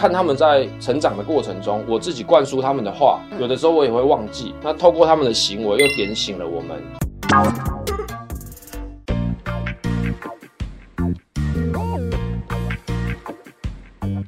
看他們在成長的過程中，我自己灌輸他們的話，有的時候我也會忘記。那透過他們的行為，又點醒了我們。嗯、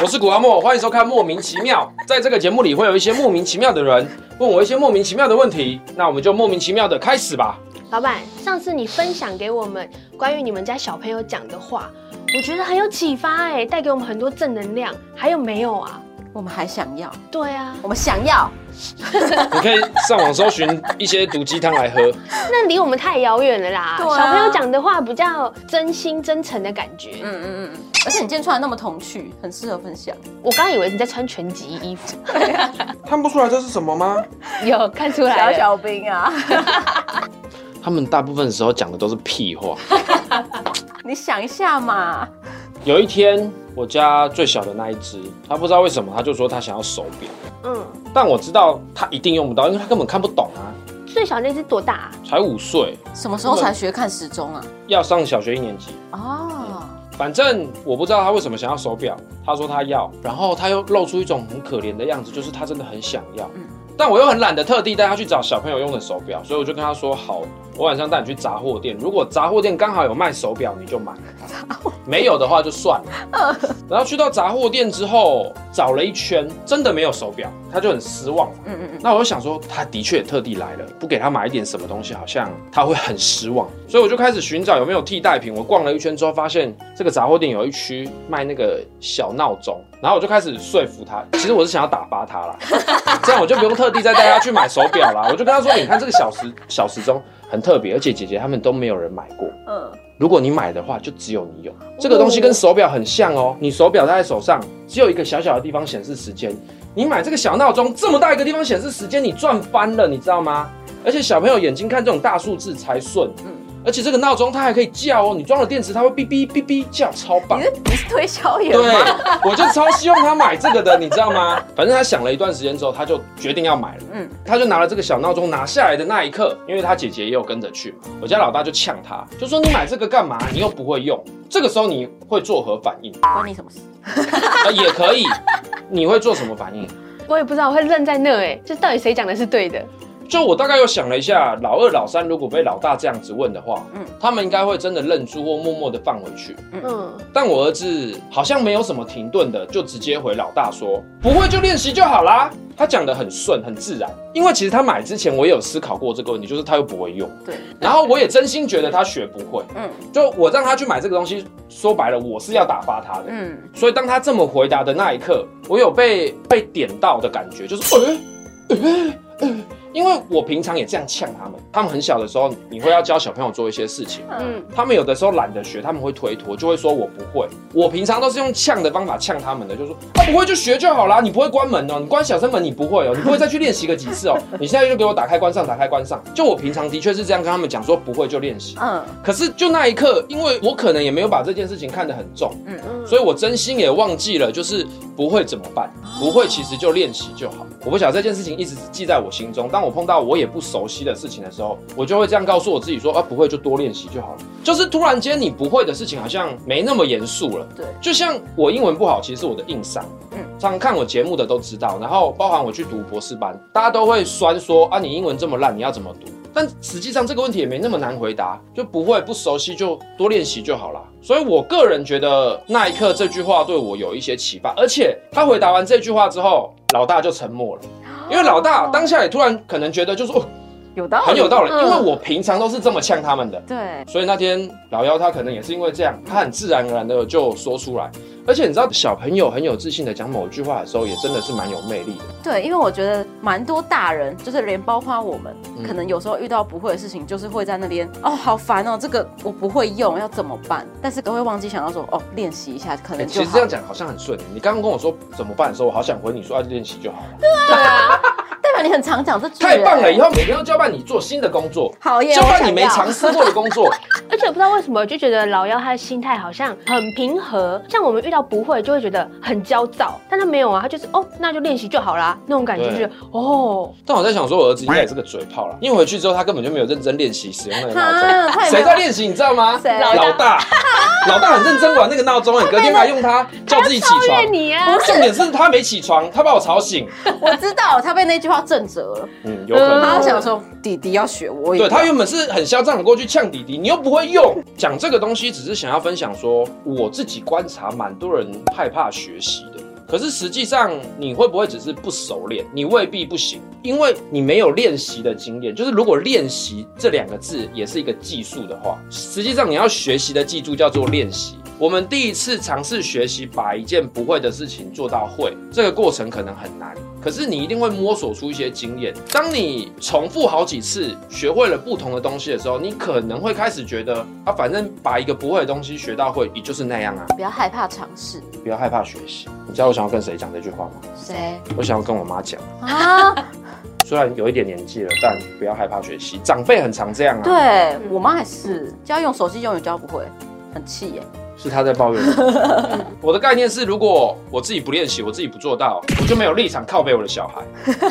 我是谷阿莫，歡迎收看《莫名其妙》。 在這個節目裡，會有一些莫名其妙的人問我一些莫名其妙的問題，那我們就莫名其妙的開始吧。老闆，上次你分享給我們關於你們家小朋友講的話。我覺得很有啟發哎、欸，帶給我們很多正能量。還有沒有啊？我們還想要。對啊，我們想要。 你可以上網搜尋一些毒雞湯來喝。 那離我們太遙遠了啦、啊。小朋友講的話比較真心真誠的感覺。嗯嗯嗯。而且你今天穿的那麼童趣，很適合分享。 我剛以為你在穿拳擊衣服。 看不出來這是什麼嗎？有看出來。小小兵啊。 他們大部分時候講的都是屁話。 你想一下嘛。有一天，我家最小的那一隻，他不知道為什麼，他就說他想要手錶。嗯，但我知道他一定用不到，因為他根本看不懂啊。最小那隻多大啊？才五歲。什麼時候才學看時鐘啊？要上小學一年級。哦。反正我不知道他為什麼想要手錶，他說他要，然後他又露出一種很可憐的樣子，就是他真的很想要。嗯，但我又很懶得特地帶他去找小朋友用的手錶，所以我就跟他說：“好，我晚上帶你去雜貨店，如果雜貨店剛好有賣手錶，你就買。 ”沒有的話就算了。然後去到雜貨店之後，找了一圈，真的沒有手表，他就很失望。嗯嗯。那我就想說，他的確也特地來了，不給他買一點什麼東西，好像他會很失望。所以我就開始尋找有沒有替代品。我逛了一圈之後，發現這個雜貨店有一區賣那個小鬧鐘，然後我就開始說服他。其實我是想要打發他啦。 那 我就不用特地再帶他去買手錶啦。我就跟他說：“你看這個小時小時鐘很特別，而且姐姐他們都沒有人買過。嗯，如果你買的話，就只有你有。這個東西跟手錶很像哦、喔。你手錶戴在手上，只有一個小小的地方顯示時間。你買這個小鬧鐘，這麼大一個地方顯示時間，你賺翻了，你知道嗎？而且小朋友眼睛看這種大數字才順。”嗯。而且這個鬧鐘它還可以叫哦，你裝了電池，它會嗶嗶嗶嗶叫，超棒。你是你是推銷員嗎？對，我就超希望他買這個的，你知道嗎？反正他想了一段時間之後，他就決定要買了。嗯，他就拿了這個小鬧鐘拿下來的那一刻，因為他姐姐也有跟着去嘛，我家老大就嗆他，就說你買這個幹嘛？你又不會用，這個時候你會做何反應？關你什麼事？也可以，你會做什麼反應？我也不知道，我會愣在那。欸，哎，這到底誰講的是對的？就我大概又想了一下，老二、老三如果被老大這樣子問的話，嗯，他們應該會真的愣住或默默的放回去，嗯。但我兒子好像沒有什麼停頓的，就直接回老大說：“嗯、不會就練習就好啦。”他講得很順很自然，因為其實他買之前我也有思考過這個問題，就是他又不會用，對。然後我也真心覺得他學不會，嗯。就我讓他去買這個東西，說白了我是要打發他的，嗯。所以當他這麼回答的那一刻，我有被被點到的感覺，就是，嗯嗯嗯。欸欸欸因為我平常也這樣嗆他們，他們很小的時候，你會要教小朋友做一些事情，嗯，他們有的時候懶得學，他們會推脫，就會說我不會。我平常都是用嗆的方法嗆他們的，就是說他、欸、不會就學就好啦，你不會關門哦、喔，你關小聲門你不會哦、喔，你不會再去練習個幾次哦、喔，你現在就給我打開關上打開關上。就我平常的確是這樣跟他們講，說不會就練習。嗯，可是就那一刻，因為我可能也沒有把這件事情看得很重，嗯嗯，所以我真心也忘記了，就是不會怎麼辦？不會其實就練習就好。我不曉得這件事情一直記在我心中。但當我碰到我也不熟悉的事情的時候，我就會這樣告訴我自己說：啊，不會就多練習就好了。就是突然間你不會的事情好像沒那麼嚴肅了。對，就像我英文不好，其實是我的硬傷。嗯，常看我節目的都知道。然後包含我去讀博士班，大家都會酸說：啊，你英文這麼爛，你要怎麼讀？但實際上這個問題也沒那麼難回答，就不會不熟悉就多練習就好了。所以我個人覺得那一刻這句話對我有一些啟發。而且他回答完這句話之後，老大就沉默了。因為老大當下也突然可能覺得，就說哦。很有道理，嗯，因為我平常都是這麼嗆他們的。對，所以那天老妖他可能也是因為這樣，他很自然而然的就說出來。而且你知道，小朋友很有自信的講某一句話的時候，也真的是蠻有魅力的。對，因為我覺得蠻多大人，就是連包括我們，可能有時候遇到不會的事情，就是會在那邊、嗯、哦，好煩哦，這個我不會用，要怎麼辦？但是都會忘記想要說哦，練習一下，可能、欸、其實這樣講好像很順、欸。你剛剛跟我說怎麼辦的時候，我好想回你說要練習就好了。對啊。 你很常講這太棒了，以後每天都交辦你做新的工作，好耶，交辦你沒嘗試過的工作。 而且不知道為什麼，就覺得老幺他的心態好像很平和，像我們遇到不會就會覺得很焦躁，但他沒有啊，他就是哦，那就練習就好啦。那種感覺、就是。覺得哦，但我在想說我兒子應該也是個嘴炮了，因為回去之後他根本就沒有認真練習使用那個鬧鐘，誰在練習你知道嗎？老大,老大、啊，老大很認真玩那個鬧鐘，隔天還用它叫自己起床。你啊不啊。重點是他沒起床，他把我吵醒。 我知道他被那句話。正則了，嗯，有可能。嗯、他想說，弟弟要學我。對，他原本是很囂張的過去嗆弟弟，你又不會用講 這個東西，只是想要分享說，我自己觀察蠻多人害怕學習的。可是實際上，你會不會只是不熟練？你未必不行，因為你沒有練習的經驗。就是如果練習這兩個字也是一個技術的話，實際上你要學習的技術叫做練習。我們第一次嘗試學習，把一件不會的事情做到會，這個過程可能很難，可是你一定會摸索出一些經驗。當你重複好幾次，學會了不同的東西的時候，你可能會開始覺得，啊，反正把一個不會的東西學到會，也就是那樣啊。不要害怕嘗試，不要害怕學習。你知道我想要跟誰講這句話嗎？誰？我想要跟我媽講啊。雖然有一點年紀了，但不要害怕學習。長輩很常這樣啊。對，我媽也是，教用手機永遠教不會，很氣耶。是他在抱怨我。 我的概念是，如果我自己不練習，我自己不做到，我就沒有立場靠北我的小孩。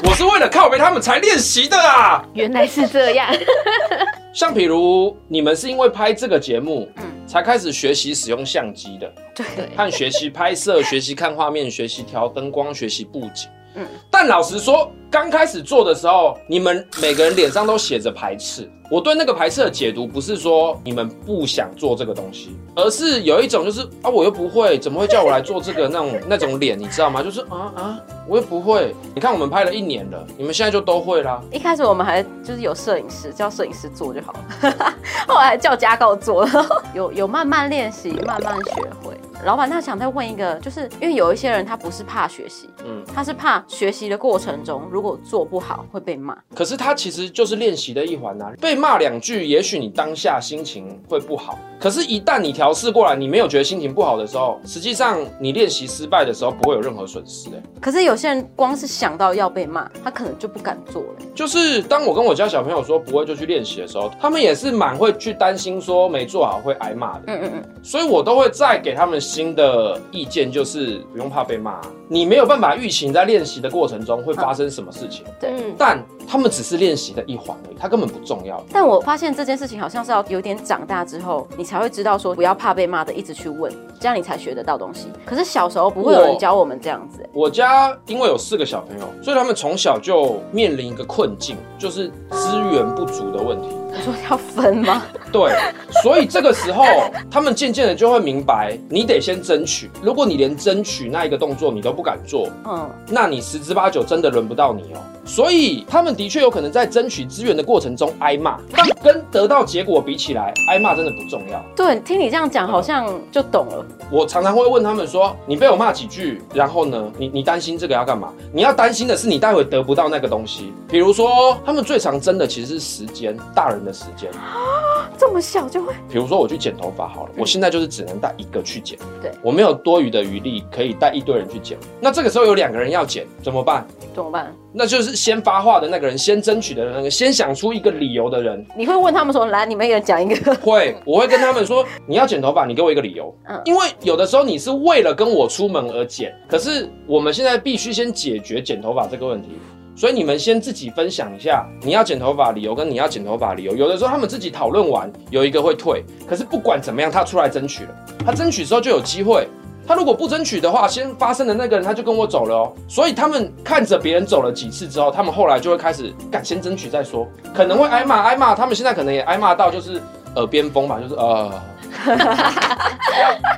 我是為了靠北他們才練習的啊！原來是這樣。 像比如你們是因為拍這個節目，嗯，才開始學習使用相機的，對對，和學習拍攝、學習看畫面、學習調燈光、學習布景。嗯，但老實說，剛開始做的時候，你們每個人臉上都寫着排斥。我對那個排斥的解讀不是說你們不想做這個東西，而是有一種就是啊，我又不會，怎麼會叫我來做這個那種那種臉，你知道嗎？就是啊啊，我又不會。你看我們拍了一年了，你們現在就都會啦。一開始我們還就是有攝影師叫攝影師做就好了， 後來叫家告做了 有有慢慢練習，慢慢學會。老闆，他想再問一個，就是因為有一些人他不是怕學習，嗯，他是怕學習的過程中如果做不好會被罵。可是他其實就是練習的一環吶、啊，被罵兩句，也許你當下心情會不好，可是，一旦你調試過來，你沒有覺得心情不好的時候，實際上你練習失敗的時候不會有任何損失哎、欸。可是有些人光是想到要被罵，他可能就不敢做了。就是當我跟我家小朋友說不會就去練習的時候，他們也是蠻會去擔心說沒做好會挨罵的。嗯嗯嗯。所以我都會再給他們。新的意見，就是不用怕被罵、啊，你沒有辦法預期你在練習的過程中會發生什麼事情。對，但。他們只是練習的一環而已，他根本不重要。但我發現這件事情好像是要有點長大之後，你才會知道說不要怕被罵的，一直去問，這樣你才學得到東西。可是小時候不會有人教我們這樣子、欸我。我家因為有四個小朋友，所以他們從小就面臨一個困境，就是資源不足的問題。他說要分嗎？對，所以這個時候他們漸漸的就會明白，你得先爭取。如果你連爭取那一個動作你都不敢做，嗯，那你十之八九真的輪不到你哦、喔。所以他們。的確有可能在爭取資源的過程中挨罵，但跟得到結果比起來，挨罵真的不重要。對，聽你這樣講，好像就懂了。嗯。我常常會問他們說：“你被我罵幾句，然後呢？你你擔心這個要幹嘛？你要擔心的是你待會得不到那個東西。比如說，他們最常爭的其實是時間，大人的時間。”哦這麼小就會，比如說我去剪頭髮好了，嗯，我現在就是只能帶一個去剪，對，我沒有多餘的餘力可以帶一堆人去剪。那這個時候有兩個人要剪怎麼辦？怎麼辦？那就是先發話的那個人，先爭取的那個，先想出一個理由的人。你會問他們說，來，你們也講一個。會，我會跟他們說， 你要剪頭髮，你給我一個理由。嗯，因為有的時候你是為了跟我出門而剪，可是我們現在必須先解決剪頭髮這個問題。所以你們先自己分享一下你要剪頭髮理由跟你要剪頭髮理由。有的時候他們自己討論完，有一個會退，可是不管怎麼樣，他出來爭取了，他爭取之後就有機會。他如果不爭取的話，先發生的那個人他就跟我走了哦。所以他們看着別人走了幾次之後，他們後來就會開始敢先爭取再說，可能會挨罵，挨罵他們現在可能也挨罵到就是耳邊風吧，就是呃，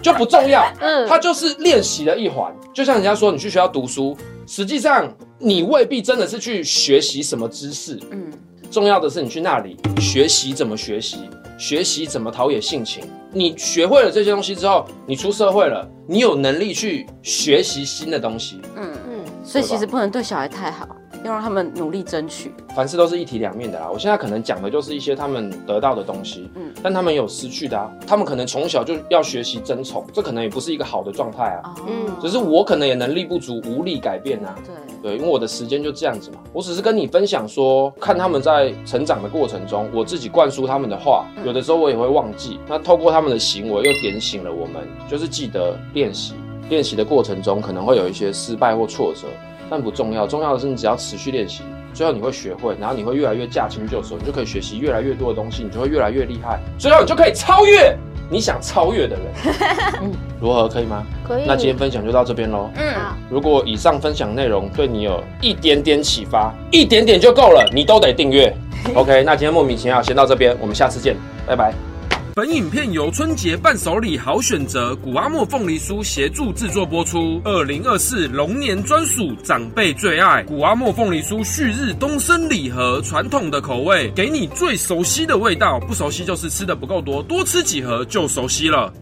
就不重要。嗯，他就是練習的一環，就像人家說你去學校讀書。實際上，你未必真的是去學習什麼知識。嗯，重要的是你去那裡學習怎麼學習，學習怎麼陶冶性情。你學會了這些東西之後，你出社會了，你有能力去學習新的東西。嗯嗯，所以其實不能對小孩太好。要讓他們努力爭取，凡事都是一體兩面的啦。我現在可能講的就是一些他們得到的東西，嗯，但他們有失去的啊。他們可能從小就要學習爭寵，這可能也不是一個好的狀態啊。嗯、哦，只是我可能也能力不足，無力改變啊。對對，因為我的時間就這樣子嘛。我只是跟你分享說，看他們在成長的過程中，我自己灌輸他們的話，有的時候我也會忘記。嗯、那透過他們的行為，又點醒了我們，就是記得練習。練習的過程中，可能會有一些失敗或挫折，但不重要，重要的是你只要持續練習，最後你會學會，然後你會越來越駕輕就熟，你就可以學習越來越多的東西，你就會越來越厲害，最後你就可以超越你想超越的人、 嗯。如何？可以嗎？可以。那今天分享就到這邊嘍。嗯。如果以上分享內容對你有一點點啟發，一點點就夠了，你都得訂閱。 OK，那今天莫名其妙先到這邊，我們下次見，拜拜。本影片由春節伴手禮好選擇谷阿莫鳳梨酥協助製作播出。二零二四龍年專屬長輩最愛谷阿莫鳳梨酥旭日東升禮盒，傳統的口味，給你最熟悉的味道。不熟悉就是吃的不夠多，多吃幾盒就熟悉了。